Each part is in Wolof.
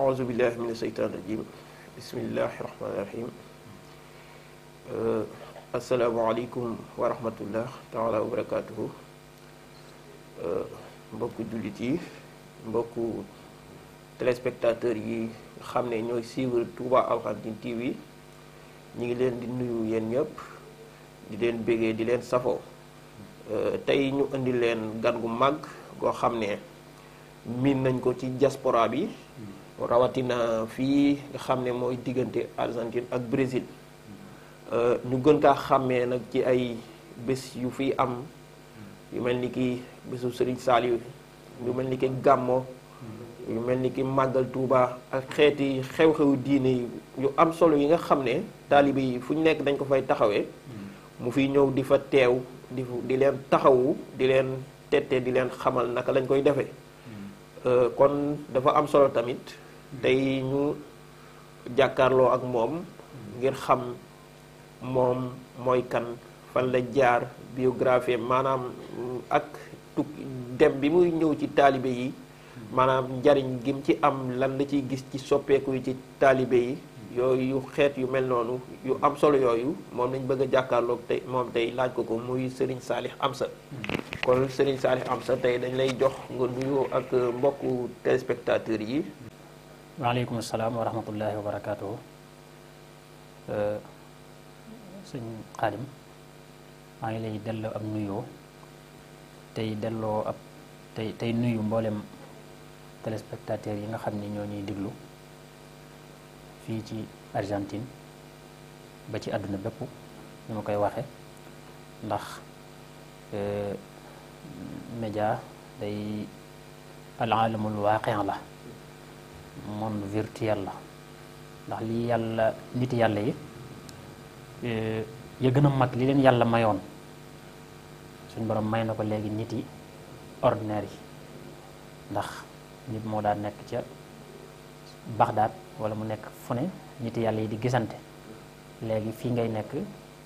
auzu billahi min asheytaan rajim bismillahi rahmaani rahim asalaamaaleykum wa rahmatullah taala wa barakaatuhu mbokku jullit yi mbokku téléspectateurs yi xam ne ñooy suivre Touba Argentine TV ñu ngi leen di nuyu yéen ñëpp di leen bégee di leen safoo tey ñu indi leen gan gu mag goo xam ne miin nañ ko ci diaspora bi rawatina fii nga xam ne mooy diggante Argentine ak Brésil euh, ñu gën kaa xàmmee nag ci ay bés yu fi am yu mel ni ki bésu Serigne Saliou yu mel ni ki Gàmmo yu mel ni ki màggal Touba ak xeeti xew-xewu diine yu am solo yi nga xam ne taalibe yi fu ñu nekk dañ ko fay taxawee mu fi ñëw di fa teew di leen taxawu di leen tete di leen xamal naka lañ koy defee mm. euh, kon dafa am solo tamit day ñu jàkkaarloo ak moom ngir xam moom mooy kan fan la jaar biographie maanaam ak tukki dem bi muy ñëw ci taalibe yi maanaam njariñ gim ci am lan la ciy gis ci soppeeku yi ci taalibe yi yooyu xeet yu mel noonu yu am solo yooyu moom lañ bëgg a jàkkaarloog tey moom tey laaj ko ko muy Serigne Salih Amsa kon Serigne Salih Amsa tey dañ lay jox nga nuyoo ak mbokku téléspectateurs yi waaleykum salaam wa rahmatullahi wa barakaatuhu euh, sëñ xaadim maa ngi lay delloo ab nuyoo tey delloo ab tey tey nuyu mboolem téléspectateurs yi nga xam ni ñoo ñuy diglu fii ci Argentine ba ci àdduna bépp ñu ma koy waxe ndax euh, média day al waa xeex la monde virtuel la ndax li yàlla nit yàlla yi eh, ya gën a mag li leen yàlla mayoon suñ borom may na ko léegi nit yi ordinaire yi ndax nit moo daa nekk ca Baxdaad wala mu nekk fu ne nit yàlla yi di gisante léegi fii ngay nekk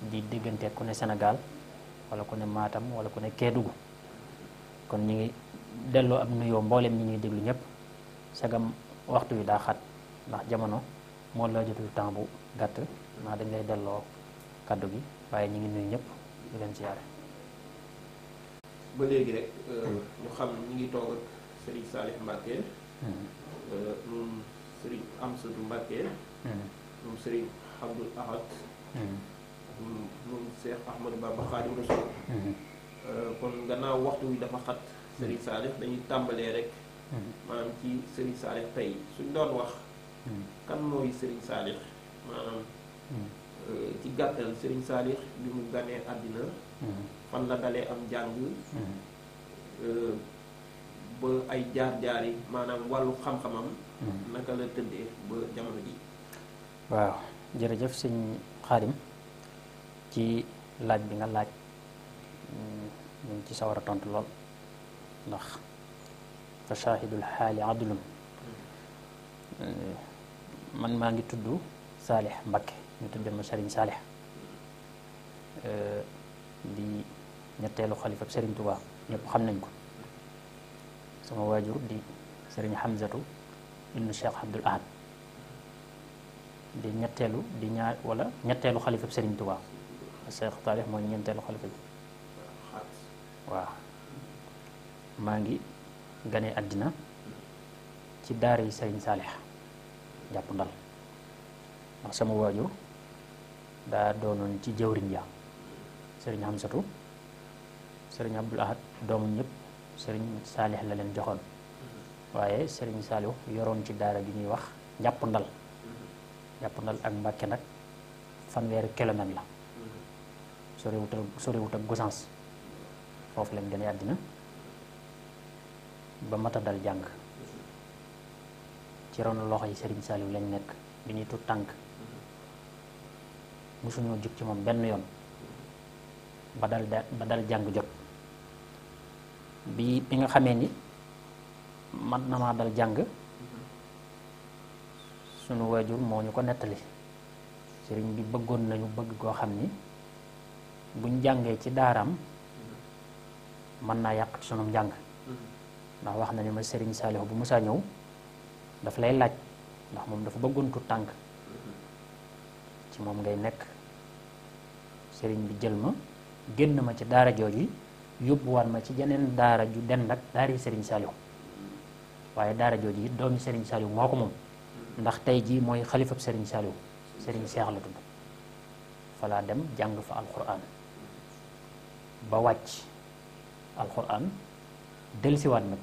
di diggante ku ne Sénégal wala ku ne Matam wala ku ne Kédougou kon ñu ngi delloo ab nuyoo mboolem ñi ngi déglu ñépp sagam waxtu wi daa xat ndax jamono moo la jotul temps bu gàtt naa dañ lay delloo kaddu gi waaye ñu ngi nuyu ñëpp di leen siyaare ba léegi rek euh, hmm. ñu xam ñu ngi toog ak Serigne Salih Mbacké hmm. euh, moom Serigne Amsadou Mbacké hmm. moom Serigne Abdoul Ahad moom Cheikh Ahmadou Bamba Khadim Rasoul euh, kon gannaaw waxtu wi dafa xat Serigne Salih dañuy tàmbalee rek Mm-hmm. maanaam ci Serigne Saalix tey suñ doon wax mm-hmm. kan mooy Serigne Saalix maanaam mm-hmm. euh, ci gàttal Serigne Saalix bi mu ganee àddina fan la dalee am jàng euh, ba ay jaar-jaari maanaam wàllu xam-xamam naka la tëddee ba jamono ji waaw jërëjëf sëñ Xaadim ci laaj bi nga laaj mm, ñu ngi ci sawar a tontu lool ndax fa shahidul xaali adlun eh, man maa ngi tudd Saalix Mbakke ñu tudde ma Sëriñ Saalix eh, di ñetteelu xalifab Sëriñ Tuubaa ñëpp xam nañ ko sama waajur di Sëriñ Hamzatu ibnu Cheikh Abdul Ahad di ñetteelu di ñaar wala ñetteelu xalifab Sëriñ Tuubaa Cheikh Taalix mooy ñeenteelu xalifa bi waaw maa ngi gane àddina ci daara yi sëriñ Saalix jàpp ndal ndax sama waajur daa doonoon ci jawriñ ya sëriñ Hamsatu sëriñ Abdul Ahad doomu ñëpp sëriñ Saalix la leen joxoon waaye sëriñ Saalix yoroon ci daara gi ñuy wax jàpp ndal jàpp ndal ak Mbàkke nag fanweeri kilomètre la sorewut sorewut ak Gossas foofu lañ gane àddina ba mata dal jàng ci ronu loxo yi Serigne Saliou lañ nekk bi ñuy tut tànk mosuñoo jug ci moom benn yoon ba dal ba dal jàng jot bi bi nga xamee ni man na maa dal jàng sunu waajur moo ñu ko nettali sëriñ bi bëggoon nañu bëgg koo xam ni buñ jàngee ci daaraam mën naa yàq sunu jàng ndax wax na ni ma sëriñ Saliou bu musaa ñëw dafa lay laaj ndax moom dafa bëggoon tu tànk ci moom ngay nekk sëriñ bi jël ma génn ma ci daara jooju yóbbuwaat ma ci jeneen daara ju dend ak daari sëriñ Saliou waaye daara jooju it doomi Serigne Saliou moo ko moom ndax tey jii mooy xalifab Serigne Saliou Serigne Cheikh la tudd falaa dem jàng fa alquran ba wàcc alquran dellusiwaat nag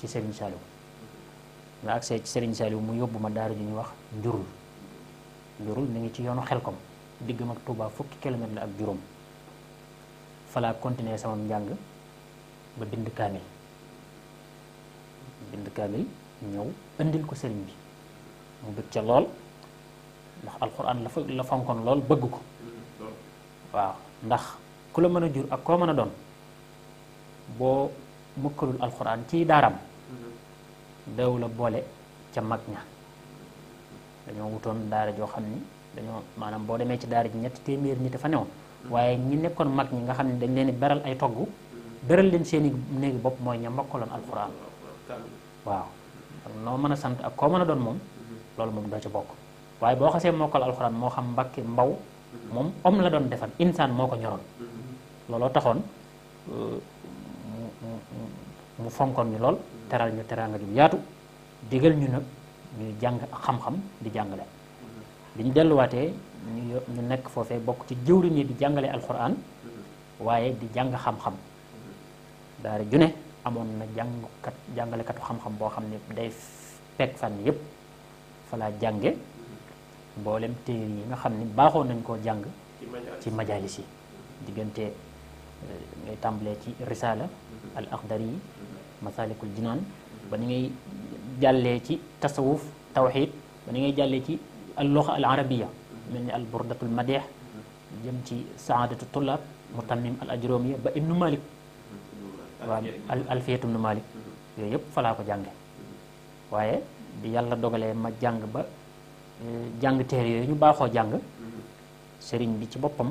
ci Serigne Saliou nga agsee ci Serigne Saliou mu yóbbu ma daara ju ñuy wax njurul njurul mi ngi ci yoonu xel ko xelkom diggam ak Touba fukki kilomètre la ak juróom falaa continuer sama njàng ba bind kaamil bind kaamil ñëw indil ko sëriñ bi mu bëgg ca lool ndax alxuraan la fa la fonkoon lool bëgg ko mm-hmm. waaw ndax ku la mën a jur ak koo mën a doon boo mukkalul alxuraan ci daaram daw boole ca mag ña dañoo wutoon daara joo xam ni dañoo maanaam boo demee ci daara ji ñetti téeméer ñi dafa new waaye ñi nekkoon mag ñi nga xam ne dañ leen baral ay togg beral leen seeni néegi bopp mooy ña mokkaloon alxuraan waaw noo mën a sant ak koo mën a doon moom loolu moom doo ci bokk waaye boo xasee mokkal alxuraan moo xam mbakki mbaw moom om la doon defar insaan moo ko ñoroon looloo taxoon mu fonkoon ñu lool teral ñu teraanga ju yaatu digal ñu nag ñuy jàng xam-xam di jàngale bi ñu delluwaatee ñu ñu nekk foofee bokk ci jëwriñ yi di jàngale alxuraan waaye di jàng xam-xam daara ju amoon na jàngkat jàngalekatu xam-xam boo xam ne day fekk fànn yépp fa jànge mboolem téere yi nga xam ni baaxoon nañ koo jàng ci majaalis yi diggante ngay tàmbalee ci risaala al axdari masalikul jinaan ba ni ngay jàllee ci tasawuf tawxid ba ni ngay jàllee ci al loxa al arabiya mel ni al burdatul madeex jëm ci saadatu tullaab mutamim al ajroomiya ba ibnu malik waaw alfiyatu ibnu malik yooyu yëpp falaa ko jànge waaye bi yàlla dogalee ma jàng ba eh, jàng téere yooyu ñu baaxoo jàng sëriñ bi ci boppam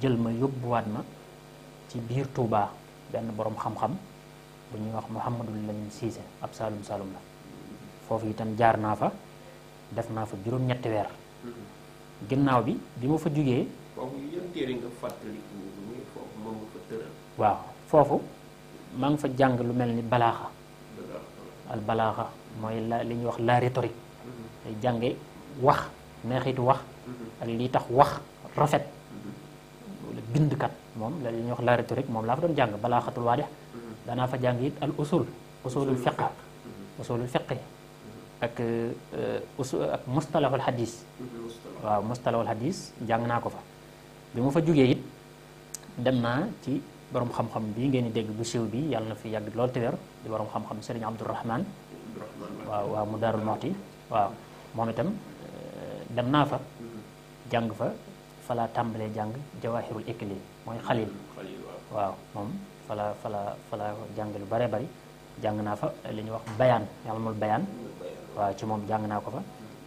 jël ma yóbbuwaat ma ci biir tuuba benn boroom xam-xam bu ñuy wax Mouhamadul Lamine Cissé ab Saalum Saalum la foofu itam jaar naa fa def naa fa juróom-ñetti weer ginnaaw bi bi ma fa jugee. waaw foofu maa ngi fa jàng lu mel ni balaaxa. al balaaxa mooy la li ñuy wax la rhétorique. Mhm. day jànge wax neexitu wax. Mhm. ak li tax wax rafet. bindkat moom la ñuy la rhétorique moom laa fa doon jàng balaa xatul waadix mm-hmm. danaa fa jàng it al usul usulul fiqh usulul fiqh mm-hmm. mm-hmm. ak eh, usul ak mustalahul hadis jàng naa ko fa bi mu fa jógee it dem naa ci boroom xam-xam bi ngeen di dégg bu siiw bi yàlla na fi yàgg lool te wér di borom xam-xam Serigne Abdourahman waaw waaw mu daarul moxti waaw moom itam eh, dem naa fa jàng fa fa laa tàmbalee jàng jawahirul iklim mooy xalil waaw moom fa laa fa laa jàng lu bare bari jàng naa fa li ñuy wax bayaan yàlla bayaan waaw ci moom jàng naa ko fa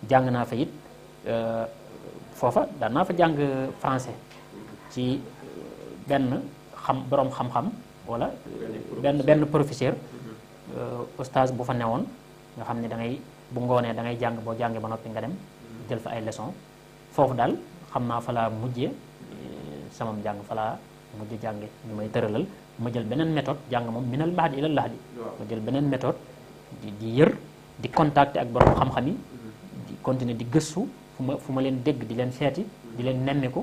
jàng naa fa it euh, foofa daan naa fa jàng français ci benn xam boroom xam-xam wala benn benn professeur euh, oustaz bu fa newoon nga xam ne da ngay bu ngoonee da ngay jàng boo jàngee ba noppi nga dem mm-hmm. jël fa ay leçon foofu daal xam naa falaa mujje samam njàng falaa jàng jànge ñu may tëralal ma jël beneen méthode jàng moom minal mahdi ilal lahdi ma jël beneen méthode di di yër di contacter ak borom xam-xam yi mm-hmm. di continuer di gëstu fu ma fu ma leen dégg di leen seeti di leen nemmiku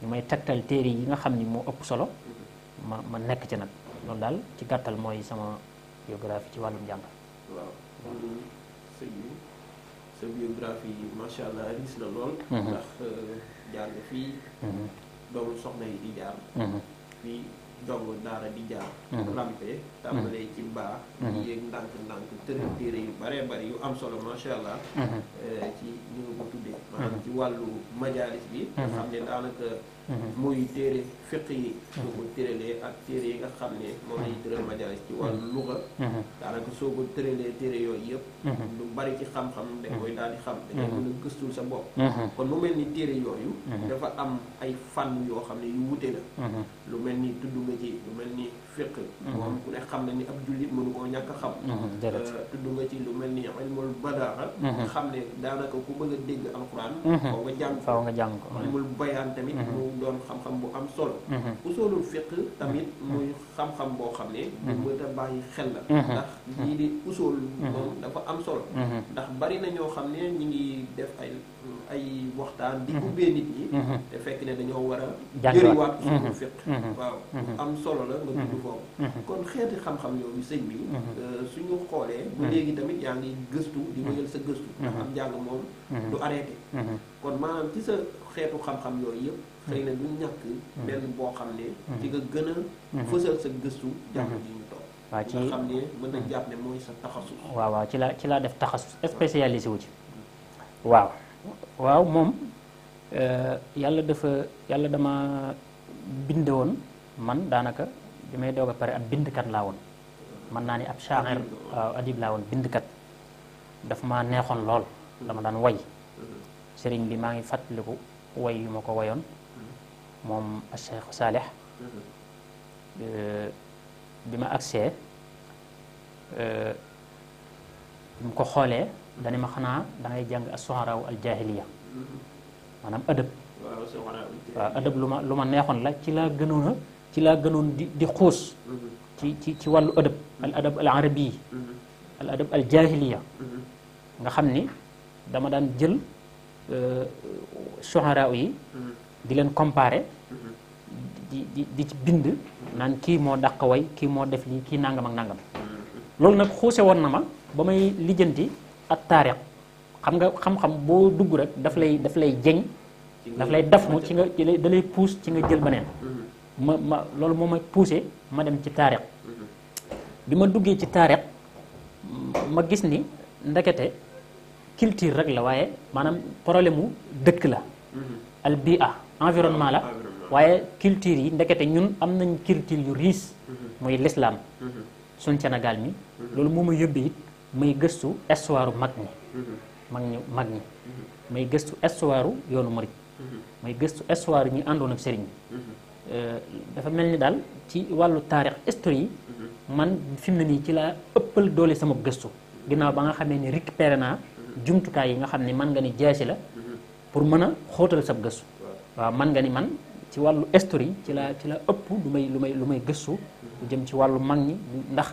ñu may tegtal téere yi nga xam ni moo ëpp solo mm-hmm. ma ma nekk ci nag loolu daal ci gàttal mooy sama biographie ci wàllum jàng waaw lool mm-hmm. euh, jaar nga fii mhm. doomu soxna yi di jaar mhm. fii doomu daara di jaar mhm. rampe tàmbalee ci mbaa yéeg ndànk ndànk tëral téere yu bare bare yu am solo masha allah eh, ci ñu ko tuddee maanaam ci wàllu majaalis bi xam ne daanaka Mhm. muy téere fiq yi ñu mhm. ko tëralee ak téere yi nga xam ne moom lañu mhm. tëral majalis ci wàllu luga daanaka soo ko tëralee téere yooyu yëpp lu bari ci xam-xam dañ koy daal di xam dañuy mën a gëstul sa bopp kon mu mel ni téere yooyu dafa am ay fànn yoo xam ne yu wute la lu mel ni tudd nga ci lu mel ni fiq moom ku ne xam na ni ab jullit mënu koo ñàkk a xam mhm, euh, tudd nga ci lu mel ni ilmul badaaxa mhm. xam ne daanaka ku bëgg a dégg alquran mhm. faw nga jàng faw nga jàng ko ilmul bayaan tamit mu doon xam-xam bu am solo usulul fiq tamit muy xam-xam boo xam ne bu mën a bàyyi xel la ndax lii di usul moom dafa am solo ndax bari na ñoo xam ne ñi ngi def ay ay waxtaan di mhm. ubbee nit ñi mhm. te fekk ne dañoo war a jëriwaat suñu mhm. fiq waaw am solo la nga tudd foofu kon xeeti xam-xam yooyu sëñ bi euh, suñu xoolee ba léegi tamit yaa ngi gëstu di wëyal sa gëstu ndax am jàng moom du arrêté kon maanaam ci sa xeetu xam-xam yooyu yëpp xëy na du ñàkk benn boo xam ne ci nga gën a fësal sa gëstu jàng ji ñu toog waaw nga xam ne mën nañ jàpp ne mooy sa taxasus waaw waaw ci la ci laa def taxasus spécialisé wu ci waaw waaw moom euh, yàlla dafa yàlla dama bindewoon man daanaka bi may doog a pare ab bindkat laa woon mën naa ne ab shaa'ir waaw adib laa woon bindkat dafa ma neexoon lool dama daan way sëriñ bi maa ngi fàttaliku way yu ma ko woyoon moom Cheikh Saalix euh, bi ma agsee euh, bi mu ko xoolee dani ma xanaa da ngay jàng as-suxaraaw al-jaahiliya maanaam adab waaw adab lu ma lu ma neexoon la ci laa gënoon ci laa gënoon di xuus ci ci ci wàllu adab al adab al arabi al adab al jaahiliya nga xam ni dama daan jël euh, suxaraaw yi di leen comparer di di di ci bind naan kii moo dàq way kii moo def lii kii nangam ak nangam loolu nag xuuse woon na ma ba may lijjanti ak taariq xam nga xam-xam boo dugg rek daf lay daf lay jeñ daf lay daf mu ci nga da lay puus ci nga jël beneen mm-hmm. ma ma loolu moo ma poussé ma dem ci taariq mm-hmm. bi ma duggee ci taariq ma gis ni ndekete culture rek la waaye maanaam problème wu dëkk la mm-hmm. al bia environnement la waaye culture yi ndekete ñun am nañ culture yu riis muy l'islam suñ mi loolu moo ma yóbbee it may gëstu histoire mag ñi mag ñi mag ñi may gëstu histoire yoonu murit may gëstu histoire ñi àndoon ak sëriñ bi euh, dafa mel ni daal ci wàllu taarix histoire yi man fi mu ne nii ci laa ëppal doole sama gëstu ginnaaw ba nga xamee ni récupéré naa jumtukaay yi nga xam ne man nga ni jaasi la pour mën a xóotal sab gëstu waaw man nga ni man ci wàllu histoire yi ci laa ci la ëpp may lu may lu may gëstu lu jëm ci wàllu mag ñi ndax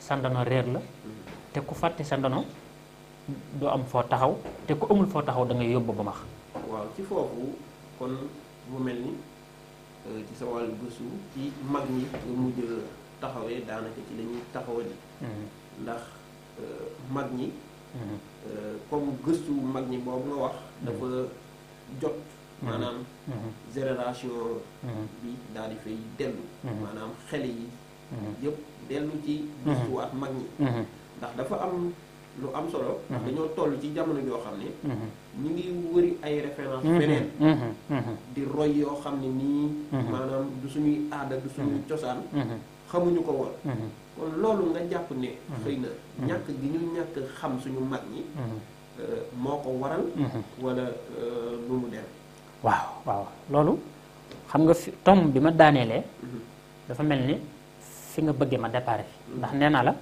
sa ndono réer la te ku fàtte sa ndono doo am foo taxaw te ku amul foo taxaw dangay ngay yóbbu ba max waaw ci foofu kon mu mel ni euh, ci sa wàllu gëstu ci mag ñi nga mujj taxawee daanaka ci la ñuy taxawa mhm. ndax euh, mag ñi mhm. euh, comme gëstu mag ñi boobu nga wax mhm. dafa jot maanaam génération bi daal di fay dellu maanaam xele yi yëpp dellu ci gisuwaat mhm. mag ñi mhm. ndax dafa am lu am solo mhm. ndax dañoo toll ci jamono joo xam ne ñu ngi wëri ay référence beneen di roy yoo xam ne nii maanaam du suñuy aada du suñuy cosaan xamuñu ko woon kon loolu nga jàpp ne xëy na ñàkk gi ñu ñàkk xam suñu mag ñi euh, moo ko waral wala lu euh, mu dem waaw waaw loolu xam nga fi tom bi ma daaneelee dafa mel ni fi nga bëggee ma déparé ndax nee naa la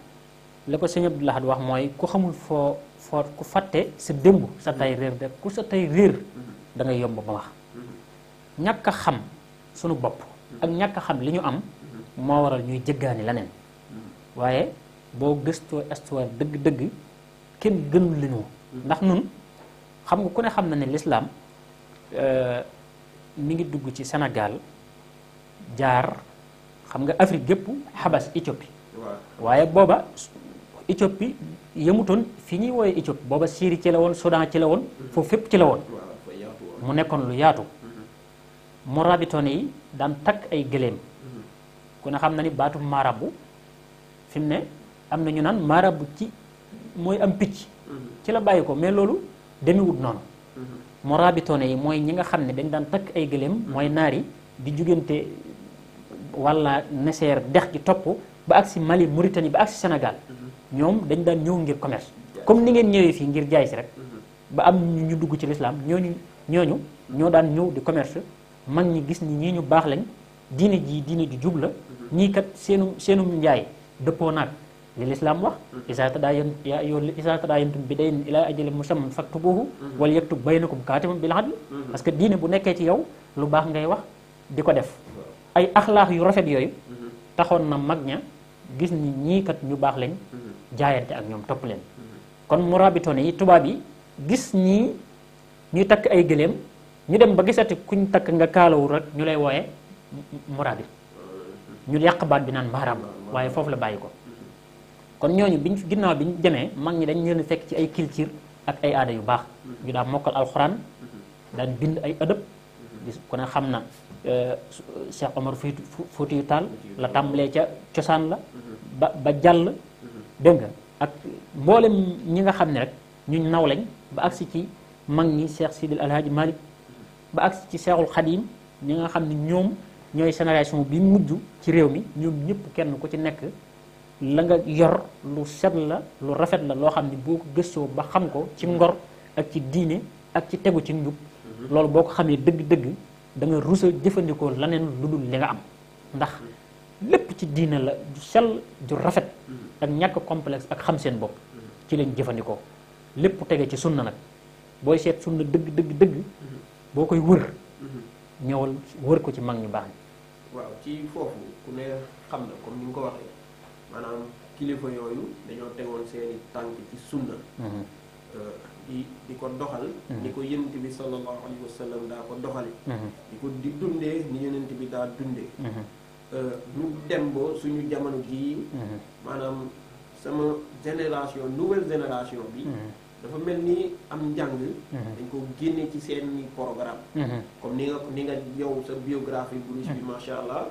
la ko sëñ Abdou wax mooy ku xamul foo foo ku fàtte sa démb sa tay de ku sa tay réer da yomb ba ñàkk xam sunu bopp ak ñàkk xam li ñu am moo waral ñuy jëggaani leneen waaye boo gëstoo histoire dëgg-dëgg kenn gënul li ndax nun xam nga ku ne xam na ne lislaam euh, mi ngi dugg ci Sénégal jaar xam nga Afrique gépp xabas Éthiopie waaye booba Éthiopie yemutoon fi ñuy wooye Éthiopie booba Syrie ci la woon Soudan ci la woon foofu fépp ci la woon mu nekkoon lu yaatu mu rabitone yi daan takk ay gëléem mm-hmm. kon ne xam na ni baatu maarabu fi mu ne am na ñu naan maarabu ci mooy am picc mm-hmm. ci la bàyyi ko mais loolu demiwut noonu mm-hmm. mu rabitone yi mooy ñi nga xam ne dañ daan takk ay gëléem mooy naari di jugante wala Niger dex gi topp ba ak si Mali Mauritanie ba ak si Sénégal mhm. ñoom dañ daan ñëw ngir commerce comme ni ngeen ñëwee fii ngir jaay si rek mhm. ba am ñu ñu dugg ci lislaam ñooñu ñooñu ñoo daan ñëw di commerce mag ñi gis ni ñii ñu baax lañ diine ji diine di jub la mhm. ñii kat seenum seenum njaay dëppoo naag li lislaam wax isa tadayan yaa yo isa tadayantum bi dayn ilaa ajali musamman faktubuhu wala yaktub baynakum kaatibun bil adl parce que diine bu nekkee ci yow lu baax ngay wax di ko def ay axlaax yu rafet yooyu mhm. taxoon na mag ña gis ni ñii kat ñu baax lañ mhm. jaayante ak ñoom topp leen mhm. kon murabitoon yi tubaab yi gis ñii ñuy takk ay gëléem ñu dem ba gisati kuñ takk nga kaalawul rek ñu lay wooye murabit ñu yàq baat bi naan maaraam waaye foofu la bàyyi ko kon ñooñu biñ ginnaaw biñ jemee mag ñi dañ leen fekk ci ay culture ak ay aada yu baax ñu daan mokkal alxuraan daan bind ay adab kon ku xam na Euh, Cheikh Omar Foutiyu Taal la tàmbalee ca cosaan la ba ba jàll dégg nga ak mboolem ñi nga xam ne rek ñuñ naw lañ ba agsi ci mag ñi Cheikh Sidil Alhaaji Malik ba agsi ci Cheikhul Xadim ñi nga xam ne ñoom ñooy génération bi mujj ci réew mi ñoom ñëpp kenn ku ci nekk la nga yor lu set la lu rafet la loo xam ne boo ko gëstoo ba xam ko ci ngor ak ci diine ak ci tegu ci njub loolu boo ko xamee dëgg-dëgg da nga rusa jëfandikoo leneen lu dul li nga am ndax lépp ci diine la ju sell ju rafet ak ñàkk complexe ak xam seen bopp ci leen jëfandikoo lépp tege ci sunna nag booy seet sunna dëgg dëgg dëgg boo koy wër ñëwal wër ko ci mag ñu baax ñi waaw ci foofu ku ne xam na comme ni ko waxee maanaam kilifa yooyu dañoo tegoon seeni tànk ci sunna mhm. euh, ci di ko doxal mhm. ni ko yonent bi sallallahu alayhi wa sallam daa ko doxale mhm. di ko di dundee ni yonent bi daa dundee ñu mhm. euh, dem ba suñu jamono jii maanaam sama génération nouvelle génération bi dafa mel ni am njàng dañ ko génne ci seeni programme comme ni nga ni nga yow sa biographie bulus bi macha allah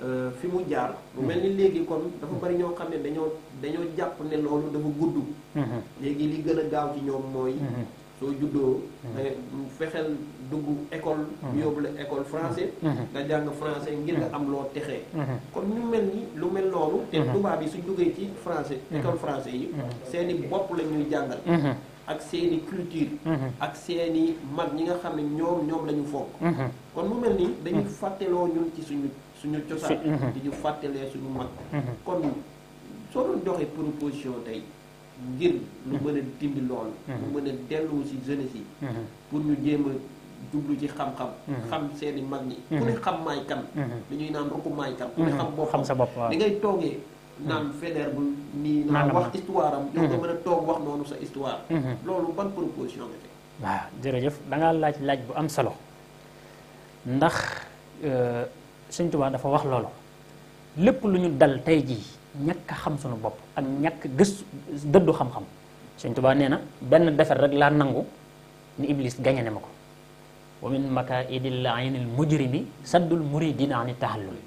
Euh, fi mu jaar mu mel ni léegi kon dafa bari ñoo xam ne dañoo dañoo jàpp ne loolu dafa gudd mm-hmm. léegi li gën a gaaw ci ñoom mooy mm-hmm. soo juddoo mm-hmm. fexeel dugg école yóbbu la école français nga jàng français ngir nga am loo texee kon ñu mel ni lu mel loolu te tubaab yi su duggee ci français école français yi seeni bopp la ñuy jàngal ak seeni culture ak seeni mag ñi nga xam ne ñoom ñoom la ñu fonk kon mu mel ni dañuy fàtteloo ñun ci suñu suñu cosaan mhm. di ñu fàttalee suñu mag mhm. kon soo doon joxee proposition tey ngir lu mhm. mën a dimbi loolu lu mën a dellu si jeunesse yi pour ñu jéem a jublu ci xam-xam xam seeni mag ñi ku ne xam maay kan li ñuy naan rokku maay kan ku ne xam boppam sa bopp waaw li ngay toogee naan Faidherbe bu nii naan wax histoire am yow nga mën a toog wax noonu sa histoire loolu ban proposition nga teg waa jërëjëf da ngaa laaj laaj bu am solo ndax euh, Sëñ Tuubaa dafa wax loolu lépp lu ñu dal tey jii ñàkk xam suñu bopp ak ñàkk gëstu dëddu xam-xam Sëñ Tuubaa nee na benn defet rek laa nangu ni Iblis gañe ne ma ko wa min makaidil aynil mujrimi saddul muridina ani tahallul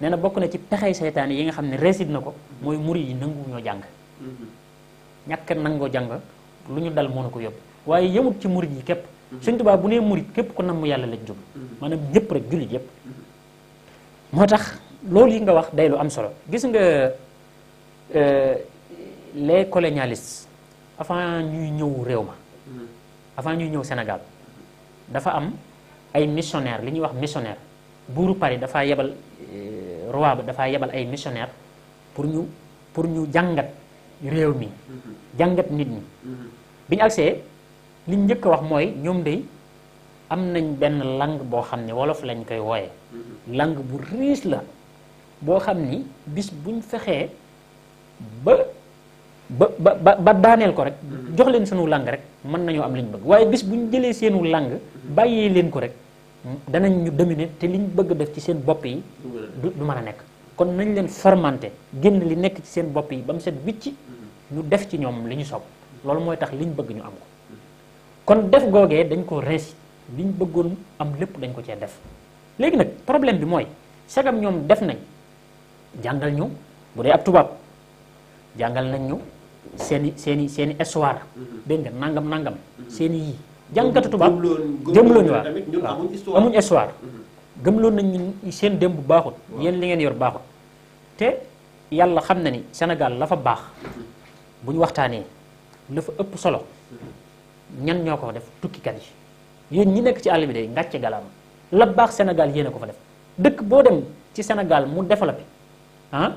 nee na bokk na ci pexey seytaan yi nga xam ne réussite na ko mooy murid yi nangu ñoo jàng ñàkk nangoo jàng lu ñu dal moonu ko yóbbu waaye yëmut ci murid yi képp Sëñ Tuubaa bu nee murid képp ko nam yàlla la jub maanaam ñëpp rek jullit yëpp moo tax loolu yi nga wax day lu am solo gis nga euh, les colonialistes avant ñuy ñëw réew ma avant ñuy ñëw senegal dafa am ay missionnaire li ñuy wax missionnaire buuru Paris dafaa yebal euh, roi ba dafaa yebal ay missionnaire pour ñu pour ñu jàngat réew mi jàngat nit ñi bi ñu agsee liñ njëkk a wax mooy ñoom day am nañ benn langue boo xam ne wolof lañ koy wooye làng bu riche la boo xam ni bis buñ fexee ba ba ba ba daaneel ko rek jox leen seenu langue rek mën nañoo am liñ bëgg waaye bis bu ñu jëlee seenu langue bàyyee leen ko rek danañ ñu demine te liñ bëgg def ci seen bopp yi mën a nekk kon nañ leen fermenté génn li nekk ci seen bopp ba mu set wicci ñu def ci ñoom li ñu sopp loolu mooy tax liñ bëgg ñu am ko kon def googee dañ ko reesi liñ bëggoon am lépp dañ ko cee def léegi nag problème bi mooy sagam ñoom def nañ jàngal ñu bu dee ab tubaab jàngal nañ ñu seeni seeni seeni i seen mm-hmm. nangam nangam mm-hmm. seeni i yii jàngkatu tubaab gëmloon waaw amuñ histoire mm-hmm. gëmloon nañ seen démb bu baaxut yéen li ngeen yor baaxut te yàlla xam na ni senegal la fa baax bu ñu waxtaanee la fa ëpp solo ñan ñoo ko def tukkikat yi yéen ñu nekk ci àll bi day ngàcce galaam la baax Sénégal yéen ko fa def dëkk boo dem ci senegal mu développé ah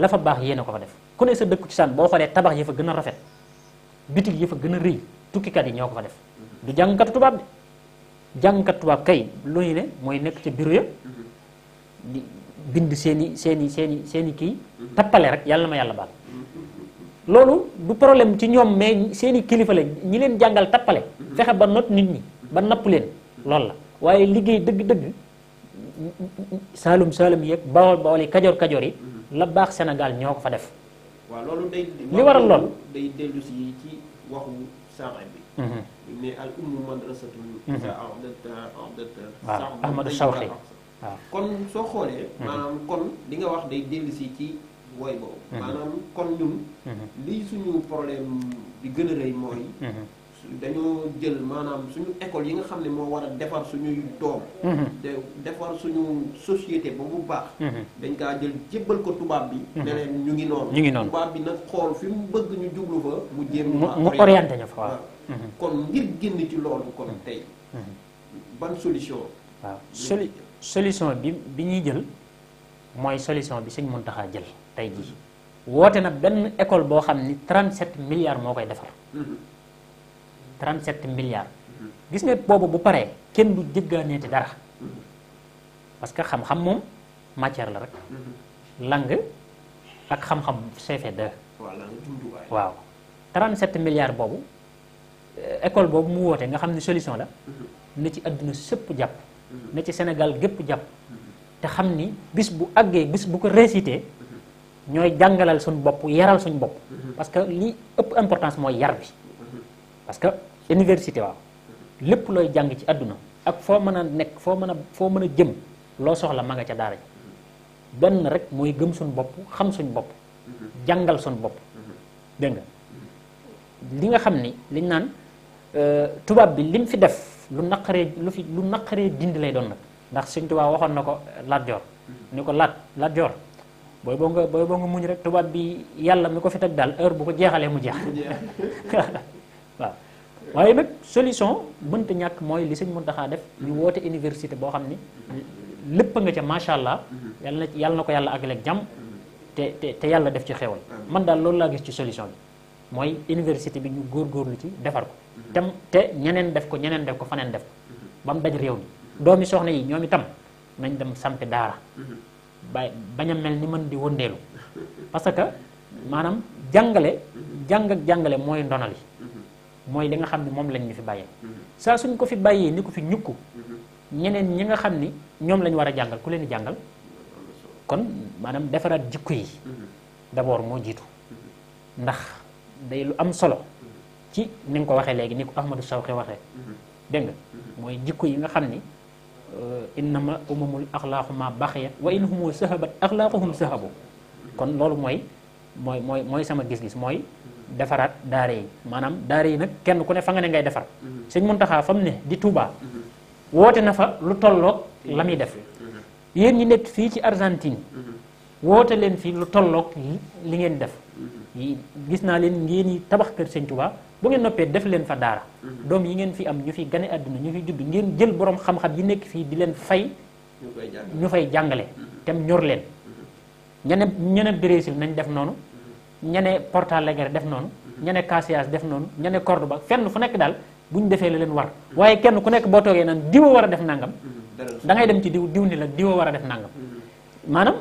la fa baax yéen a ko fa def ku ne sa dëkku ci saan boo xoolee tabax yi fa gën a rafet bitig yi fa gën a rëy tukkikat yi ñoo ko fa def du jàngkatu tubaab de jàngkat tubaab kay lu mooy nekk ca bureau ya di seeni seeni seeni seeni kii tappale rek yàlla ma yàlla baal loolu du problème ci ñoom mais seeni kilifa la ñi leen jàngal tappale fexe ba not nit ñi ba napp leen loolu la waaye liggéey dëgg-dëgg saalum saalum yeeg bawol bawol yi kajoor kajoor yi mm-hmm. la baax Sénégal ñoo ko fa def waaw loolu day li waral lool day dellu si ci waxu saaxay bi mm-hmm. ne al ummu madrasatun sa ahdat ahdat waaw Ahmadu Sawxi waaw kon soo xoolee mm-hmm. maanaam kon li nga wax day dellu si ci woy boobu maanaam kon ñun lii suñu problème bi gën rëy mooy dañoo jël maanaam suñu école yi nga xam ne moo war a defar suñuy doom. Mhm. te defar suñu société ba bu baax. Mhm. dañ kaa jël jébbal ko tubaab bi. Mhm. ne ñu ngi noonu. ñu ngi noonu tubaab bi nag xool fi mu bëgg ñu jublu fa mu jéem. mu orienté ñu fa waaw kon ngir génn ci loolu kon tey. ban solution. waaw soli solution bi bi ñuy jël mooy solution bi sëñ Mountakha jël tey jii woote na benn école boo xam ni 37 milliards moo koy defar. 37 milliards gis nga boobu bu paree kenn du jëggaaneeti dara parce que xam-xam moom matière la rek langue ak xam-xam CFD waaw 37 milliards boobu euh, école boobu mu wootee nga xam ne solution la mhm. na ci àdduna sëpp jàpp mhm. na ci Sénégal gépp jàpp mhm. te xam ni bis bu àggee bis bu ko récité ñooy jàngalal suñu bopp yaral suñ bopp parce que li ëpp importance mooy yar bi parce que université waaw lépp looy jàng ci àdduna ak foo mën a nekk foo mën a foo mën a jëm loo soxla ma nga ca daara ji benn rek mooy gëm suñ bopp xam suñ bopp jàngal suñ bopp dégg li nga xam ni liñ naan euh, tubaab bi mu fi def lu naqaree lu fi lu naqaree dindi lay doon nag ndax suñ tubaab waxoon na ko Lat Joor ni ko Lat Lat Joor booy boo nga booy boo nga muñ rek tubaab bi yàlla mi ko fi teg daal heure bu ko jeexalee mu jeex waaye nag solution mënta ñàkk mooy li sëñ Muntaxa def ñu woote université boo xam ni lépp nga ca macha allah yàlla na yàlla na ko yàlla àggale ak jàmm te te te yàlla def ci xewal man daal loolu laa gis ci solution bi mooy université bi ñu góor góorlu ci defar ko tam te ñeneen def ko ñeneen def ko faneen def ko ba mu daj réew mi doomi soxna yi ñoom itam nañ dem sampi daara ba bañ a mel ni mën di wëndeelu parce que maanaam jàngale jàng ak jàngale mooy ndonali mooy li nga xam ne moom lañ ñu fi bàyyee mm-hmm. saa suñ ko fi bàyyee ni ko fi ñukku mm-hmm. ñeneen ñi nga xam ni ñoom lañu war a jàngal ku leen di jàngal mm-hmm. kon maanaam defaraat jikko yi d'abord moo jiitu ndax day lu am solo ci ni nga ko waxee léegi ni ko Ahmadou Shawqi waxee dégg nga mooy jikko yi nga xam ni euh, innama umamul axlaaqu ma baxiyat wa in humu sahabat axlaaquhum sahabu kon loolu mooy mooy mooy mooy sama gis-gis mooy defaraat daare yi maanaam daara yi nag kenn ku ne fa nga ne ngay defar mhm. sëñ mun taxaa mu ne di Touba mhm. woote na fa lu tolloog la muy def mhm. yéen ñi nekk fii ci Argentine woote leen fii lu tolloog li ngeen def gis naa leen ngeen yi tabax kër sañ tubaa bu ngeen noppee def leen fa daara doom yi ngeen fi am ñu fi gane àdduna ñu fi judd ngeen jël boroom xam-xam yi nekk fii di leen fay ñu fay jàngale tem ñor leen ñene ñene Brésil nañ def noonu ña ne Porto Alegre def noonu ña ne Caxias def noonu ña ne Cordoba fenn fu nekk daal bu ñu defee la leen war waaye kenn ku nekk boo toogee naan diwa war a def nangam da ngay dem ci diw diw ni la diwa war a def nangam maanaam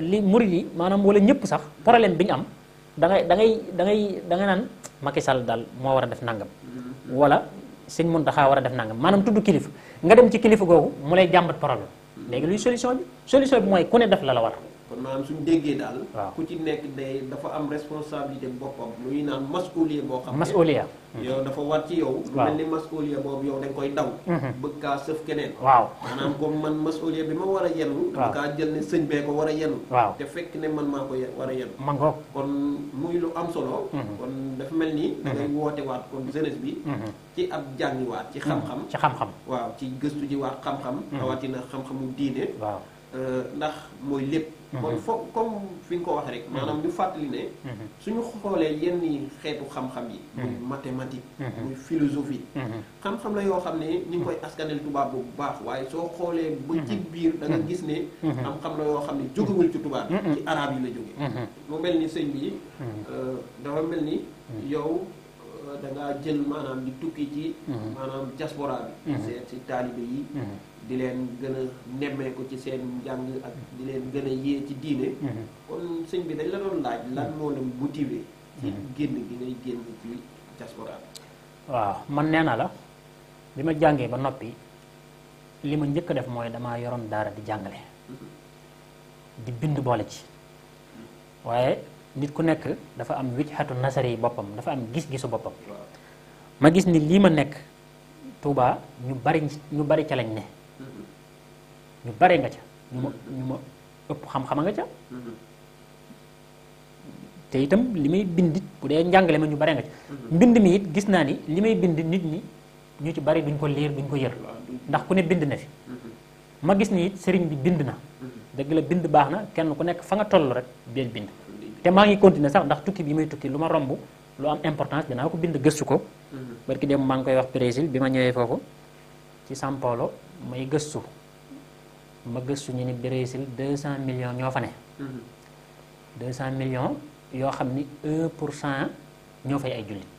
li murid yi maanaam wala ñëpp sax problème bi ñu am da ngay da ngay da ngay da nga naan Macky Sall daal moo war a def nangam wala Sëñ Muntaxa war a def nangam maanaam tudd kilifa nga dem ci kilifa googu mu lay jàmbat problème léegi luy solution bi solution bi mooy ku ne def la la war kon maanaam suñu déggee daal. ku ci nekk day dafa am responsabilité boppam lu ñuy naan masuuliya boo xam ne masuuliya. Hmm. yow dafa war ci yow. lu mel ni masuuliya boobu yow dañ koy daw. Hmm. bëgg kaa sëf keneen. waaw maanaam comme man masuuliya bi ma war a yenu. dama kaa jël ne sëñ bee ko war a yenu. te fekk ne man maa ko war a yenu. man ko kon muy lu am solo. Hmm. kon dafa mel ni. dangay woote waat kon jeunesse bi. ci ab jàngiwaat ci xam-xam. ci xam-xam waaw ci gëstu ji waat xam-xam. rawatina xam-xamu diine. waaw. Euh, ndax mooy lépp. Mhm. mooy foog comme fi nga ko wax rek. maanaam mhm. ñu fàttali ne. Mhm. suñu xoolee yenn xeetu xam-xam yi. muy mathématique. muy philosophie. xam-xam la yoo xam ne ñu ngi koy askanel tubaab bu baax waaye soo xoolee. ba ci biir da gis ne. xam-xam la yoo xam ne jógewul ci tubaab ci arab yi la jóge mu mel ni sëñ bi euh, dafa mel ni yow. Euh, da ngaa jël maanaam di tukki ci. maanaam diaspora bi. seet si taalibe yi. di leen gën a nemmeeku ci seen njàng ak di leen gën a yee ci diine mhm. kon sëñ bi dañ la doon laaj lan moo la motivé ci mhm. génn gi ngay génn ci diaspora waaw man nee na la bi ma jàngee ba noppi li ma njëkk a def mooy dama yoroon daara di jàngale mhm. di bind boole ci waaye nit ku nekk dafa am wijhatu nasari boppam dafa am gis-gisu boppam ma gis ni lii ma nekk Touba ñu bari ñu bari ca lañ ne ñu bare nga ca ñu ma ñu ma ëpp xam-xama nga ca te itam li may bindit bu dee njàngale ma ñu bare nga ca mbind mi it gis naa ni li may bind nit ñi ñu ci bari duñ ko liir duñ ko yër ndax ku ne bind na fi ma gis ni it sëriñ bi bind na dëgg la bind baax na kenn ku nekk fa nga toll rek beel bind te maa ngi continuer sax ndax tukki bi may tukki lu ma romb lu am importance dinaa ko bind gëstu ko barki dem maa ngi koy wax Brésil bi ma ñëwee foofu ma gëstu ñu ni Brésil cent millions ñoo fa ne. Mhm. cent million yoo xam ni 1 pour cent ñoo fay ay jullit.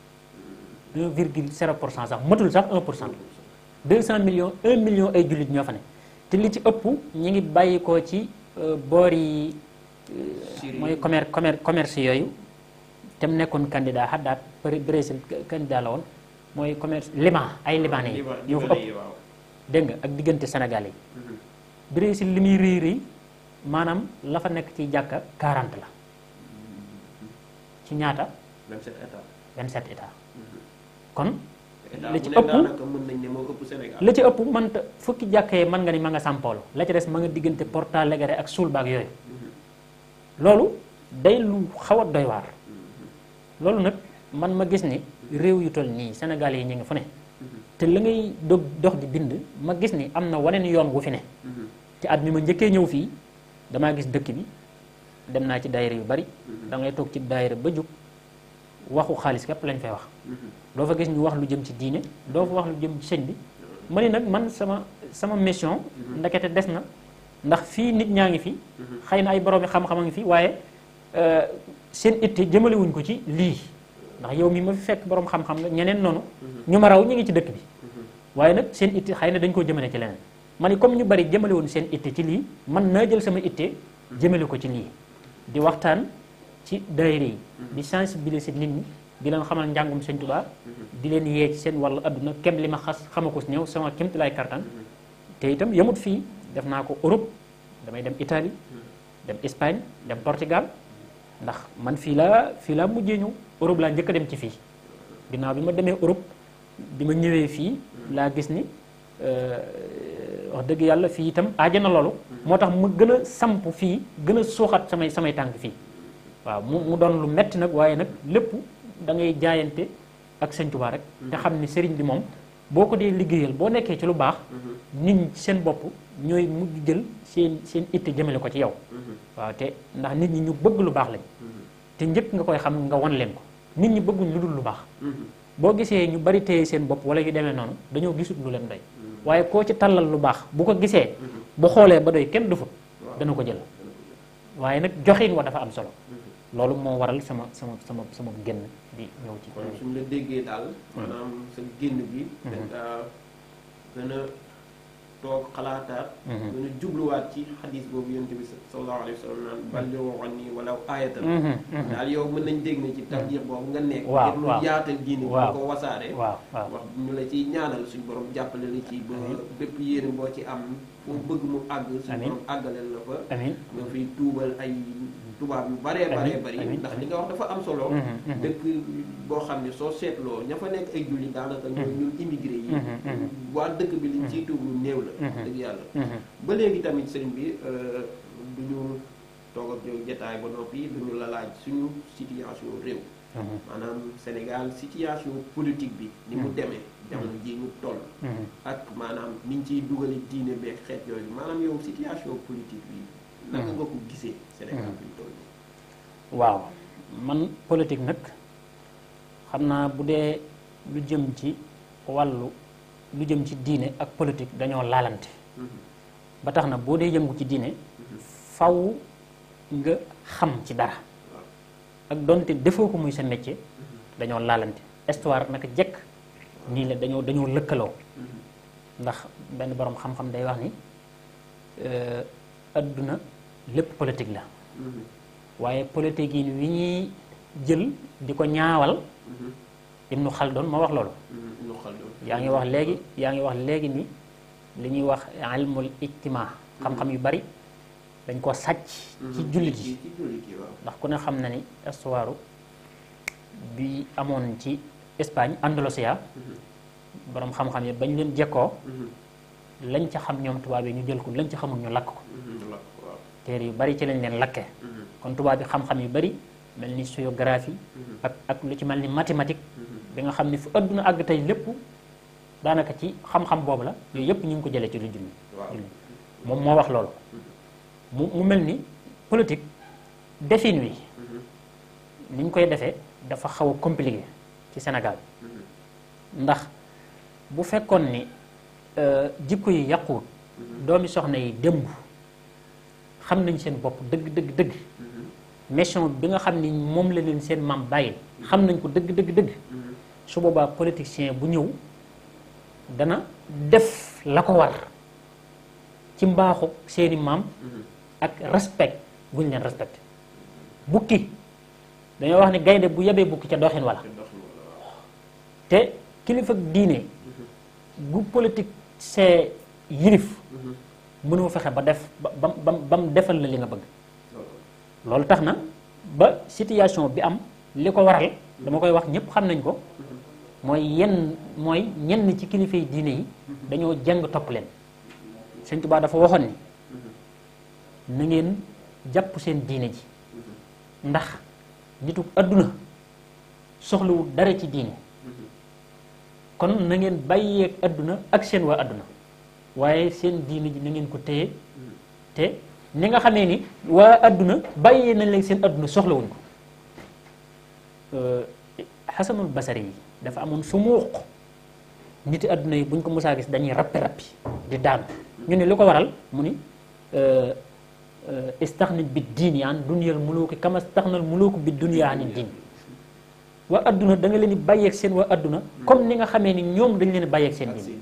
1 virgule 0 pour cent sax matul sax 1 pour cent. 200 millions 1 million ay jullit ñoo fa ne te li ci ëpp ñu ngi bàyyi ko ci euh, boor yi. Euh, mooy commer commer commerce yooyu. te mu nekkoon candidat xaddaa Brésil candidat la woon mooy commerce Liban ay libanais. yu fa ëpp dégg nga ak diggante Sénégal yi. Mhm. Brésil li muy rëy rëy maanaam la fa nekk ci jàkka 40 la ci ñaata. 27 états 27 états. Mm-hmm. kon. li ci ëpp la ci ëpp man fukki jàkkee man nga ni ma nga Sampolo la ci des ma nga diggante Porto Alegre ak Sulba ak yooyu. Mm-hmm. loolu day lu xaw a doy mm-hmm. loolu nag man ma gis ni réew yu toll nii Sénégal yi ñu ngi fu ne. te la ngay dox di bind ma gis ni am na waneen yoon wu fi ne. ci at mi ma njëkkee ñëw fii damaa gis dëkk bi dem naa ci daayira yu bari mhm. da ngay toog ci dayre ba jóg waxu xaalis képp lañ fay wax mhm. doo fa gis ñu wax lu jëm ci diine doo fa wax lu jëm ci sëñ bi ma ni nag man sama sama mission mhm. ndekete des na ndax fii nit ñaa ngi fi xëy na ay borom xam-xam a ngi fi waaye euh, seen itte jëmalewuñ ko ci lii ndax yow mi ma fekk borom xam nga ñeneen noonu ñu ma raw ñu ngi ci dëkk bi waaye nag seen itte xëy na dañ koo jëmale ci leneen ma ni comme ñu bari jëmale woon seen itte ci lii man naa jël sama itte jëmale ko ci lii di waxtaan ci daayira yi di sensibiliser nit ñi di leen xamal njàngum sëñ Tuubaa di leen yee ci seen wàllu adduna kem li ma xas xama ko si néew sama kémti laay kartan te itam yamut fii def naa ko Europe damay dem Italie dem Espagne dem Portugal ndax man fii laa fii laa mujjee ñëw Europe laa njëkk a dem ci fii ginnaaw bi ma demee Europe bi ma ñëwee fii laa gis ni euh, wax dëgg yàlla fii itam aaje na moo tax ma gën a samp fii gën a suuxat samay samay tànk fii waaw mu mu doon lu metti nag waaye nag lépp da ngay jaayante ak sëñ Tuubaa rek. te xam ni sëriñ bi moom boo ko dee liggéeyal boo nekkee ci lu baax. Mm-hmm. nit seen bopp ñooy mu jël seen seen itte jëmale ko ci yow. Mm-hmm. waaw te ndax nit ñi ñu bëgg lu baax lañ. Mm-hmm. te njëkk nga koy xam nga won leen ko nit ñi bëgguñ lu dul lu baax. boo gisee ñu bari téye seen bopp wala yu demee noonu dañoo gisut lu leen doy. waaye koo ci tàllal lu baax bu ko gisee bu xoolee ba doy kenn dufut dana ko jël waaye nag joxin wa dafa am solo mm-hmm. loolu moo waral sama sama sama sama génn di ñëw ci kon su la déggee daal maanaam sa génn bi mm-hmm. gën toog xalaataat ñu mhm. jubluwaat ci xadis boobu yonent bi sallallahu alayhi wa sallam naan ballighu anni walaw aayatan mhm, mhm. daal yow mën nañ dégg ne ci tabdir boobu nga nekk ngir mu yaatal diine bu ko wasaare wax ñu la ciy ñaanal suñ borom jàppale la ci ba bépp yéene boo ci am foo bëgg mu àgg suñ borom àggaleel la fa nga fiy tuubal ay tubaab yu baree baree bari ndax li nga wax dafa am solo mm-hmm, mm-hmm. dëkk boo xam ne soo seetloo ña fa nekk ay julli daanaka ñooy mm-hmm. ñun immigré yi waa dëkk bi liñ ciy tuub lu néew la dëgg yàlla ba léegi tamit sëriñ bi euh, du ñu toog ak yow jotaay ba noppi du ñu la suñu situation réew situation politique bi ni mu demee jamono ji ñu toll ak maanaam niñ ciy dugale diine beeg xeet yooyu maanaam yow situation politique bi nan mm-hmm. mm-hmm. waaw man politique nag xam naa bu dee lu jëm ci wàllu lu jëm ci diine ak politique dañoo laalante mm-hmm. ba tax na boo dee yëngu ci diine faw nga xam ci dara ak doonte defoo ko muy sa métier dañoo laalante histoire naka jekk nii la dañoo dañoo lëkkaloo ndax benn boroom xam-xam day wax ni euh, adduna lépp politique la mhm. waaye politique yi wi ñuy jël di ko ñaawal mhm. Ibnu Xaldun moo wax loolu mhm, yaa ngi wax léegi yaa ngi wax léegi ni li ñuy wax ilmul ijtimaa xam-xam yu bari dañ ko sàcc ci jullit yi ndax ku ne xam na ni histoire bi amoon ci Espagne Andalusia boroom xam-xam yi bañ leen jekkoo lañ ca xam ñoom tubaab yi ñu jël ko lañ ca xamul ñu lakk ko téere yu bari ci lañ leen lakke kon tubaab bi xam-xam yu bari mel ni géographie mhm. ak ak lu ci mel ni mathématique mhm. bi nga xam ne fu adduna àgg tey lépp daanaka ci xam-xam boobu la yooyu yëpp ñu ngi ko jëlee ci lu julli julli moom moo wax loolu mhm. mu mu mel ni politique defin wi ni ñu koy defee dafa xaw a ci Sénégal ndax bu fekkoon ni euh, jikko yi yàquwut doomi soxna yi démb xam nañ seen bopp dëgg dëgg dëgg mission mm-hmm. bi nga xam ni moom la leen seen maam bàyyee xam nañ ko dëgg dëgg dëgg mm-hmm. su boobaa politicien bu ñëw dana def la ko war ci mbaaxu seeni maam mm-hmm. ak respect bu ñu leen respecté bukki dañoo wax ne gaynde bu yebee bukki ca doxin wala te kilifa diine bu politique c'est yilif mënoo fexe ba def ba ba mu defal la li nga bëgg loolu tax na ba situation bi am li ko waral dama koy wax ñëpp xam nañ ko mooy yenn mooy ñenn ci kilifa yi diine yi dañoo jàng topp leen Sëñ Tuubaa dafa waxoon ni na ngeen jàpp seen diine ji ndax nitu àdduna soxlawul dara ci diine kon na ngeen bàyyeek àdduna ak seen waa àdduna waaye seen diini ji na ngeen ko téye te ni nga xamee ni waa adduna bàyyee nañ leen seen àdduna soxla wuñ ko xasanul euh, basari yi dafa amoon sumuuq niti àdduna yi buñ ko musaa gis dañuy rappi rappi di daanu ñu ne lu ko waral mu ni euh, euh, istaxnit bi diini an duniyal muluuki kama staxnal muluuku bi duniya ani diin waa adduna da nga leen di seen waa adduna comme ni nga xamee ni ñoom dañ leen di bàyyeeg seen diin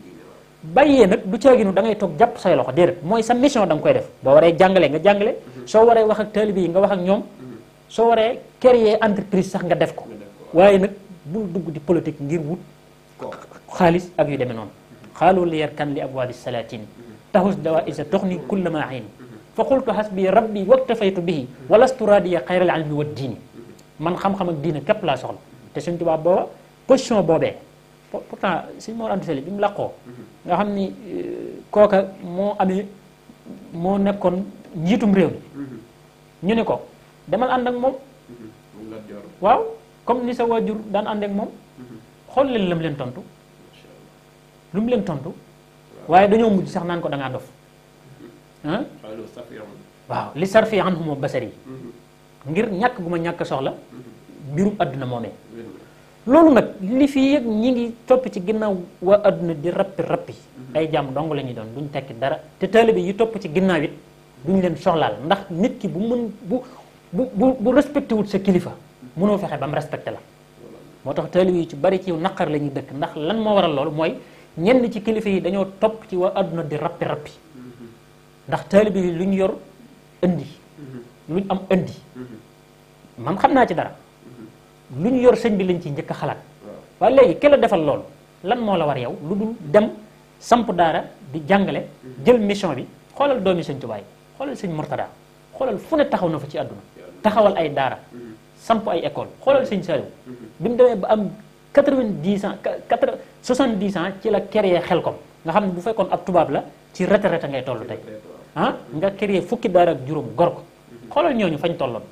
bàyyee nag du caaginu da ngay toog jàpp say loxo déedéet mooy sa mission danga koy def boo waree jàngale nga jàngale mhm. soo waree wax ak taalibe yi nga wax ak ñoom mhm. soo waree créer entreprise sax nga def ko waaye nag bu dugg di politique ngir wut xaalis ak yu demee noonu mhm. xaalu li yar kan li abwaabi salaatin taxus dawa isa tox ni kulla ma ayn fa qultu hasbi rabbi waktafaytu bihi walastu radiya xayral ilmi wa diini man xam-xam ak diine képp laa soxla te suñ tubaab booba position boobee pourtant suñ Mor Anta Sali bi mu laqoo nga xam ni euh, kooka moo amee moo nekkoon njiitum réew mi ñu ni ko demal ànd ak moom waaw comme ni sa waajur daan ànd ak moom xool leen la mu leen tontu lu mu leen tontu waaye dañoo mujj sax naan ko da ngaa dof waaw li sarfi anhum basari mhm. ngir ñàkk gu ma ñàkk soxla mhm. mbirum àdduna moomee loolu nag li fi yëg ñi ngi topp ci ginnaaw waa adduna di rappi rappi mhm. ay jàmm dong la ñuy doon duñ tekki dara te taalibe yi topp ci ginnaaw it duñ leen soxlaal ndax nit ki bu mën bu bu bu respecté wul sa kilifa mënoo fexe ba mu respecté la moo tax taalibe yi ci bari ci naqar la ñuy dëkk ndax lan moo waral loolu mooy ñenn ci kilifa yi dañoo topp ci waa àdduna di rappi rappi mhm. ndax taalibe yi lu yor indi mhm. lu am indi man xam naa ci dara lu ñu yor sëñ bi lañ ci njëkk a xalaat waaye léegi ke la defal lool lan moo la war yow lu dul dem samp daara di jàngale mm-hmm. jël mission bi xoolal doomi sëñ Tuubaa xoolal sëñ Murtada xoolal fu ne taxaw na fa ci àdduna taxawal ay daara mm-hmm. samp ay école xoolal sëñ sa Saliou mm-hmm. bi mu demee ba am 90 ans 80 70 ans ci la xel ko nga xam ne bu fekkoon ab tubaab la ci retraite ngay toll tey ah nga créé fukki daara ak juróom gor ko xoolal ñooñu fañ tolloon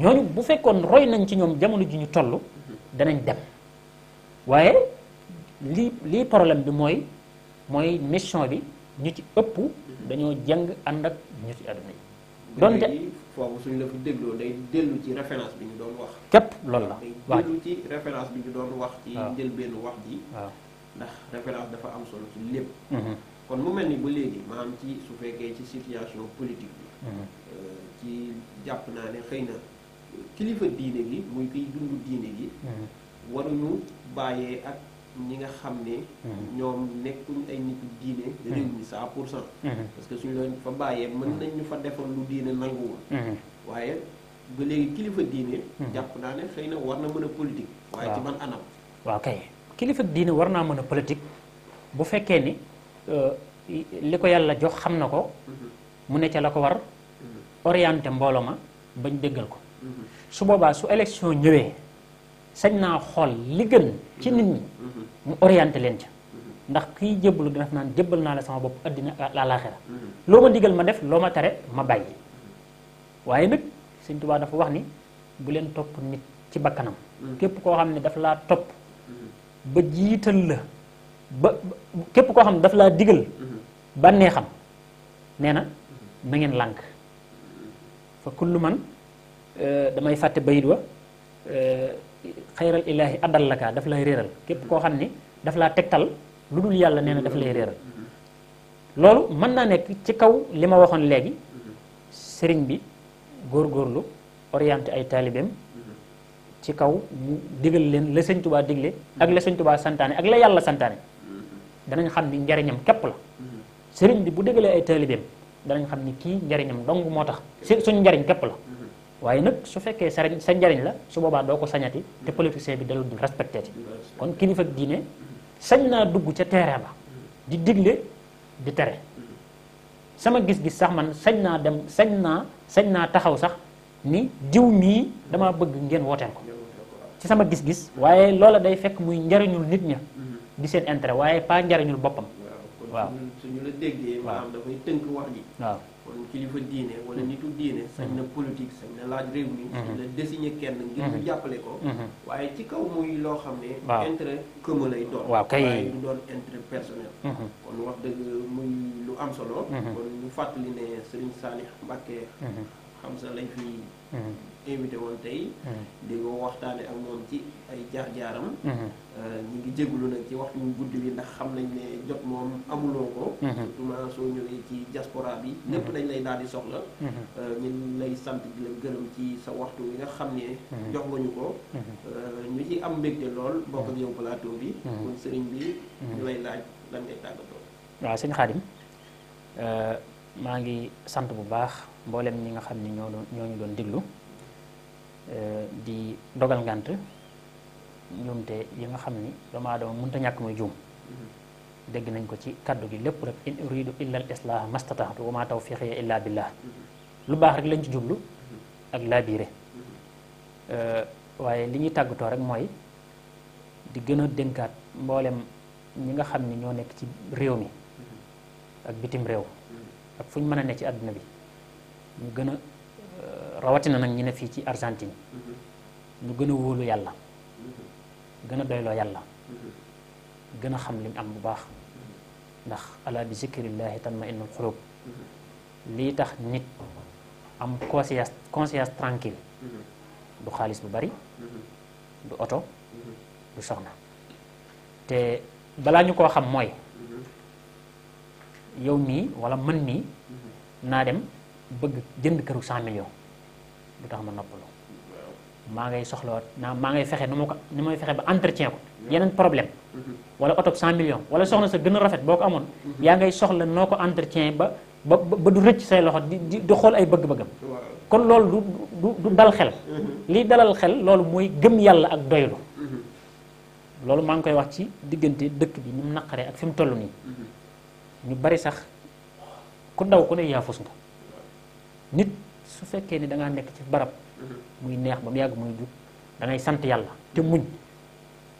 ñooñu bu fekkoon roy nañ ci ñoom jamono ji ñu toll danañ dem waaye lii lii problème bi mooy mooy mission bi ñu ci ëpp dañoo jàng ànd ak ñu ci àdduna yi donte foofu suñu la fi dégloo day dellu ci référence bi ñu doon wax képp loolu la wax dellu ci référence bi ñu doon wax ci njëlbeenu wax ji waaw ndax référence dafa am solo si lépp mm-hmm. kon mu mel ni ba léegi maanaam ci su fekkee ci situation politique bi mm-hmm. euh, ci jàpp naa ne xëy na kilifa diine gi muy kiy dund diine gi hmm. waruñu bàyyee ak ñi nga xam ne hmm. ñoom nekkuñ ay nitu diine réew hmm. mi cent pour cent parce que suñu leen fa bàyyee mën nañ ñu fa defal lu diine nanguwul waaye ba léegi kilifa diine jàpp naa ne xëy na war na mën a politique waaye ci man anam waaw kay kilifa diine war naa mën a politique bu fekkee ni euh, li ko yàlla jox xam na ko mu ne ca la ko war orienté mbooloo ma bañ déggal ko su boobaa su élection ñëwee sañ naa xool li gën ci nit ñi mu orienté leen ca ndax kiy jébbalu dina naan jébbal naa la sama bopp addina àllaaxira loo ma digal ma def loo ma tare ma bàyyi waaye nag Sëñ Tuubaa dafa wax ni bu leen topp nit ci bakkanam képp koo xam ne daf laa topp ba jiital la ba képp koo xam ne daf laa digal bànnee nee na na ngeen lànk fa kullu man Euh, damay fàtte bayit wa euh, xayral ilaahi addal la kaa daf lay réeral képp koo xam ni daf laa tegtal lu dul yàlla nee na daf lay réeral loolu mën naa nekk ci kaw li ma waxoon léegi sëriñ bi góor góorlu orienté ay taalibeem ci kaw mu digal leen la sëñ tubaa dégle ak la sëñ tubaa santaane ak la yàlla santaane danañ xam ni njariñam képp la sëriñ bi bu digalee ay taalibeem danañ xam ni kii njariñam dong moo tax suñ njariñ képp la waaye nag su fekkee sariñ sa njariñ la su boobaa doo ko sañati te politicien bi dalul respecté ti kon kilifa diine sañ naa dugg ca terrain ba di digle di tere sama gis-gis sax man sañ naa dem sañ naa sañ naa taxaw sax ni diw mii damaa bëgg ngeen wooteel ko ci sama gis-gis waaye loola day fekk muy njariñul nit ña di seen intérêt waaye pas njariñul boppam waaw suñu waaw kon kilifa diine wala nitu diine sañ na mhm. politique sañ na laaj réew mi sañ mhm. na désigner kenn ngir ñu mhm. jàppale ko waaye ci kaw muy loo xam ne intérêt këma lay doon waaye du doon intérêt personnel kon wax dëgg muy lu am solo kon ñu fàttali ne Serigne Salih Mbacké xam sa lañ fi invité woon tey hmm. di nga waxtaane ak moom ci ay jaar-jaaram hmm. euh, ñu ngi jégalu nag ci waxtu guddi bi ndax xam nañ ne jot moom amuloo ko hmm. surtout ma soo ñëwee ci diaspora bi lépp dañ lay daal di soxla euh, ñun lay sant di la gërëm ci sa waxtu wi nga xam ne jox nga ko euh, ñu ci am mbégte lool bokk ak yow plateau bi kon sëriñ bi ñu lay laaj lan ngay tàggatoo waaw sëñ Xaadim maa ngi sant bu baax mboolem ñi nga xam ne ñoo ñoo ñu doon diglu Eh, di dogal ngant te yi nga xam ni doomu aadama mënut a ñàkk muy juum mm-hmm. dégg nañ ko ci kàddu gi lépp rek in uridu illa al islaah mastataatu wa ma tawfiqiya illa billah mm-hmm. lu baax rek lañ ci jublu mm-hmm. ak laa biire eh, waaye li ñuy tàggatoo rek mooy di gën a dénkaat mboolem ñi nga xam ni ñoo nekk ci réew mi ak bitim réew ak fu ñu mën a ne ci àdduna bi ñu gën rawatina nag ñu ne fii ci Argentine ñu gën a wóolu yàlla gën a doyloo yàlla gën a xam liñ am bu baax ndax ala bi zikrillaahi tanma innul xulub lii tax nit am conscience conscience tranquille du xaalis bu bari du oto du soxna te balaa ñu koo xam mooy yow mii walla man mii naa dem bëgg jënd këru 100 millions du tax ma noppalu maa ngay soxlawaat naa maa ngay fexe nu ma ko nu may fexe ba entretien ko yeneen problème wala oto 100 millions wala soxla sa gën a rafet boo ko amoon yaa ngay soxla noo ko entretien ba ba ba du rëcc say loxo di di xool ay bëgg-bëggam kon loolu du du dal xel lii dalal xel loolu mooy gëm yàlla ak doylu loolu maa ngi koy wax ci diggante dëkk bi ni mu naqaree ak fi mu toll nii ñu bari sax ku ndaw ku ne yaafus nga nit su fekkee ni da nekk ci barab mm-hmm. muy neex ba mu yàgg muy jub da sant yàlla te muñ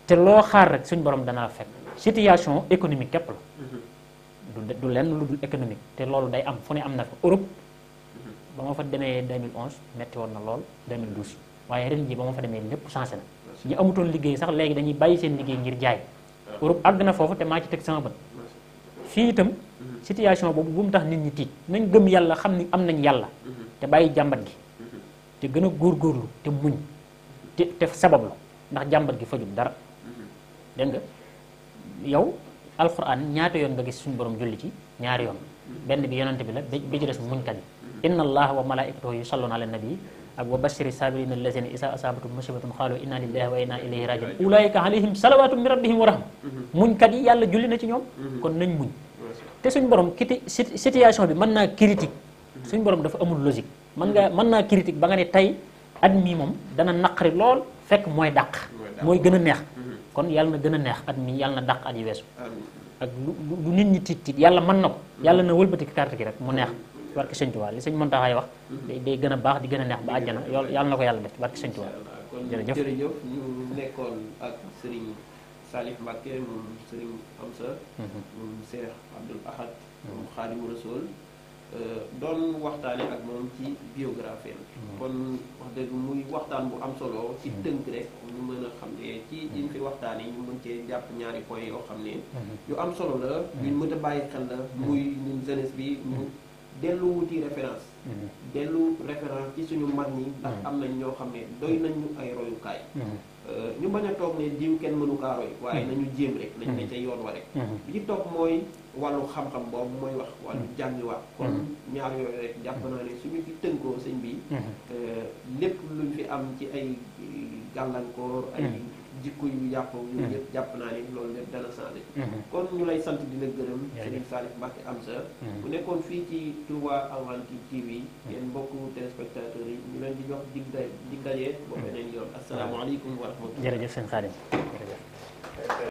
te loo xaar rek suñ borom danaa fekk situation économique képp la mm-hmm. du lenn lu dul économique te loolu day am fu ne am na fa Europe mm-hmm. ba ma fa demee 2011 metti woon na lool 2012 waaye ren ji ba ma fa demee lépp changé na ñi amutoon liggéey sax léegi dañuy bàyyi seen liggéey ngir jaay ah. Europe àgg na foofu te maa ci teg sama bët fii itam situation boobu bu mu tax nit ñi tiit nañ gëm yàlla xam ni am nañ yàlla te bàyyi jàmbat gi te gën a góor góorgóorlu te muñ te te sabablu ndax jàmbat gi fajul dara dégg nga yow alxuraan ñaata yoon nga gis suñu borom julli ci ñaari yoon benn bi yonante bi la bi ci des muñkat yi inna allaha wa yu yusalluna ala nabi ak wa bashiri saabirina allazina isa asaabatum musibatun qaalu inna lillahi wa inna ilayhi rajiun ulaika alayhim salawatu min rabbihim wa rahma mm-hmm. yi yàlla julli na ci ñoom mm-hmm. kon nañ muñ te suñ borom kiti situation bi mën naa critique suñ borom dafa amul logique mën nga mën naa critique ba nga ne tey at mii moom dana naqari lool fekk mooy dàq mooy gën a neex mm-hmm. kon yàlla na gën a neex at mii yàlla na dàq at yi weesu ak lu nit ñi tiit tiit yàlla mën na ko mm-hmm. yàlla na wëlbati carte gi rek mu neex barke sëñ Tuubaa li sëñ Muntaxa wax mm-hmm. day gën a baax di gën a neex ba àjjana yàlla na ko yàlla def barke sëñ Tuubaa jërëjëf ñu nekkoon ak Salif Mbacké moom Sëriñ Amsa mhm. moom Cheikh Abdoul Ahad mhm. moom Xaadimu Rasool euh, doon waxtaane ak moom ci biographie mhm. kon wax dëgg muy waxtaan bu am solo ci tënk rek ñu mën a xam ne ci liñ fi waxtaane ñu mën cee jàpp ñaari point yoo xam ne yu am solo la yuñ mën a bàyyi xel la muy ñun jeunesse bi mu dellu wuti référence dellu référence ci suñu mag ñi ndax am nañ ñoo xam ne doy nañ ñu ay royukaay ñu bañ a toog ne diw kenn mënu kaa waaye nañu jéem rek nañ ne ca yoon wa rek bi mm-hmm. mm-hmm. ci toog mooy wàllu xam-xam boobu mooy wax wàllu mm-hmm. jàngiwaat kon ñaar yooyu rek jàpp naa ne suñu ci tënkoo sëñ bi euh, lépp luñ fi am ci ay gàllankoor ay jikko yu yàqu yu hmm. yëpp jàpp naa ni loolu lépp dana changé hmm. kon ñu lay sant di la gërëm Serigne Salif Mbacké Amsa bu hmm. nekkoon fii ci Touba Argentine TV yéen te téléspectateurs yi ñu leen di jox dig dig daje ba beneen yoon asalaamaaleykum wa rahmatulah jërëjëf sëñ Xaadim